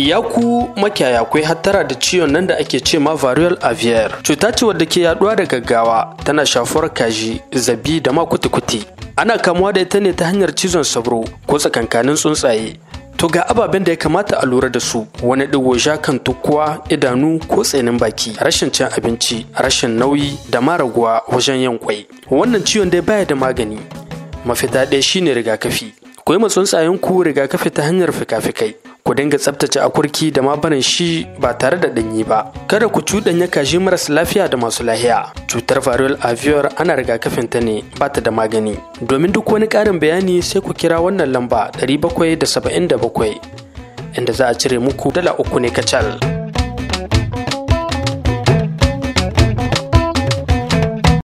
Ya ku makiyaya kwai hattara da ciwon nan da ake ce ma varial aviar. Cuta ce wadda ke yaduwa da gaggawa tana shafuwar kaji, zabi da ma kuti-kuti. Ana kamuwa da ita ne ta hanyar cizon sabro ko tsakankanin tsuntsaye. To ga ababen da ya kamata a lura da su wani ɗigo sha kan tukkuwa, idanu ko tsainin baki, rashin cin abinci, rashin nauyi da ma raguwa wajen yin kwai. Wannan ciwon dai baya da magani. Mafita ɗaya shine rigakafi. Ku yi ma tsuntsayen ku rigakafi ta hanyar fika-fikai. ku dinga tsaftace akurki da ma barin shi ba tare da ɗanyi ba kada ku cuɗanya kashi maras lafiya da masu lahiya cutar varial avior ana rigakafin ta ne ba ta da magani domin duk wani ƙarin bayani sai ku kira wannan lamba 777 inda za a cire muku dala uku ne kacal.